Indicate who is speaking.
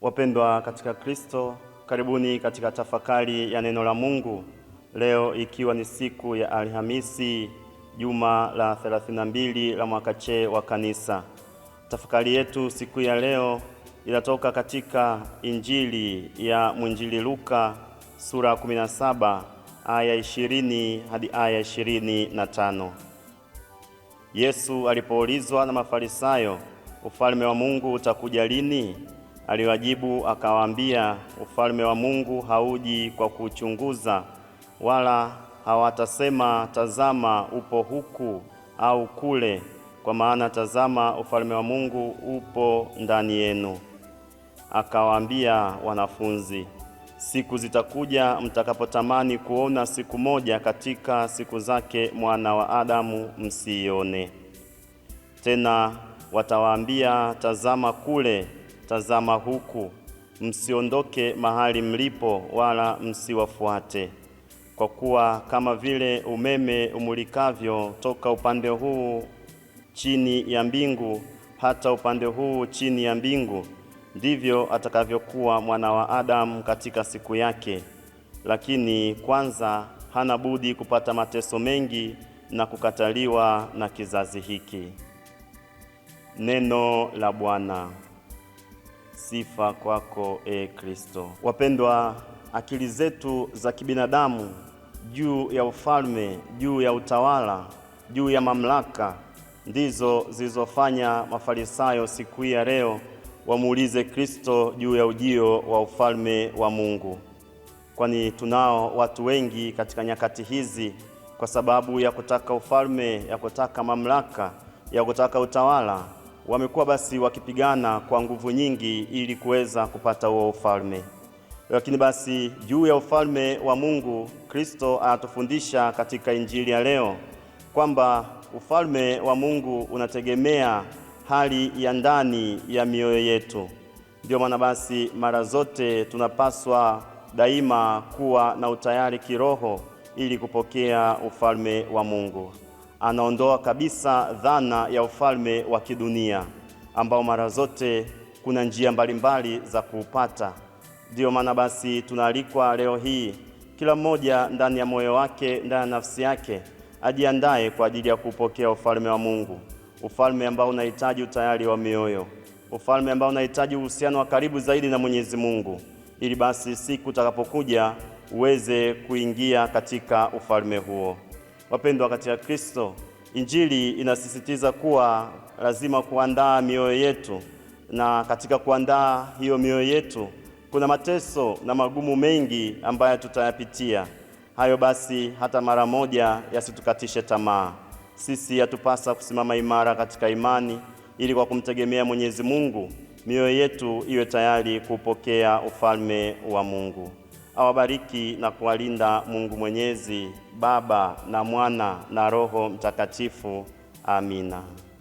Speaker 1: Wapendwa katika Kristo, karibuni katika tafakari ya neno la Mungu leo, ikiwa ni siku ya Alhamisi, juma la 32 la mwaka C wa Kanisa. Tafakari yetu siku ya leo inatoka katika Injili ya mwinjili Luka sura 17 aya 20 hadi aya 25. Yesu alipoulizwa na Mafarisayo, ufalme wa Mungu utakuja lini? Aliwajibu akawaambia, ufalme wa Mungu hauji kwa kuchunguza, wala hawatasema tazama, upo huku au kule, kwa maana tazama, ufalme wa Mungu upo ndani yenu. Akawaambia wanafunzi, siku zitakuja mtakapotamani kuona siku moja katika siku zake mwana wa Adamu, msiione tena. Watawaambia tazama kule tazama huku, msiondoke mahali mlipo, wala msiwafuate. Kwa kuwa kama vile umeme umulikavyo toka upande huu chini ya mbingu hata upande huu chini ya mbingu, ndivyo atakavyokuwa mwana wa Adamu katika siku yake. Lakini kwanza hana budi kupata mateso mengi na kukataliwa na kizazi hiki. Neno la Bwana. Sifa kwako e Kristo. Wapendwa, akili zetu za kibinadamu juu ya ufalme, juu ya utawala, juu ya mamlaka ndizo zilizofanya Mafarisayo siku hii ya leo wamuulize Kristo juu ya ujio wa ufalme wa Mungu, kwani tunao watu wengi katika nyakati hizi, kwa sababu ya kutaka ufalme, ya kutaka mamlaka, ya kutaka utawala wamekuwa basi wakipigana kwa nguvu nyingi ili kuweza kupata huo ufalme. Lakini basi juu ya ufalme wa Mungu, Kristo anatufundisha katika injili ya leo kwamba ufalme wa Mungu unategemea hali ya ndani ya mioyo yetu. Ndiyo maana basi mara zote tunapaswa daima kuwa na utayari kiroho ili kupokea ufalme wa Mungu anaondoa kabisa dhana ya ufalme wa kidunia ambao mara zote kuna njia mbalimbali za kuupata. Ndiyo maana basi tunaalikwa leo hii, kila mmoja ndani ya moyo wake, ndani ya nafsi yake, ajiandae kwa ajili ya kupokea ufalme wa Mungu, ufalme ambao unahitaji utayari wa mioyo, ufalme ambao unahitaji uhusiano wa karibu zaidi na Mwenyezi Mungu, ili basi siku utakapokuja uweze kuingia katika ufalme huo. Wapendwa katika Kristo, Injili inasisitiza kuwa lazima kuandaa mioyo yetu, na katika kuandaa hiyo mioyo yetu kuna mateso na magumu mengi ambayo tutayapitia. Hayo basi hata mara moja yasitukatishe tamaa. Sisi yatupasa kusimama imara katika imani, ili kwa kumtegemea Mwenyezi Mungu mioyo yetu iwe tayari kupokea ufalme wa Mungu awabariki na kuwalinda Mungu Mwenyezi, Baba na Mwana na Roho Mtakatifu. Amina.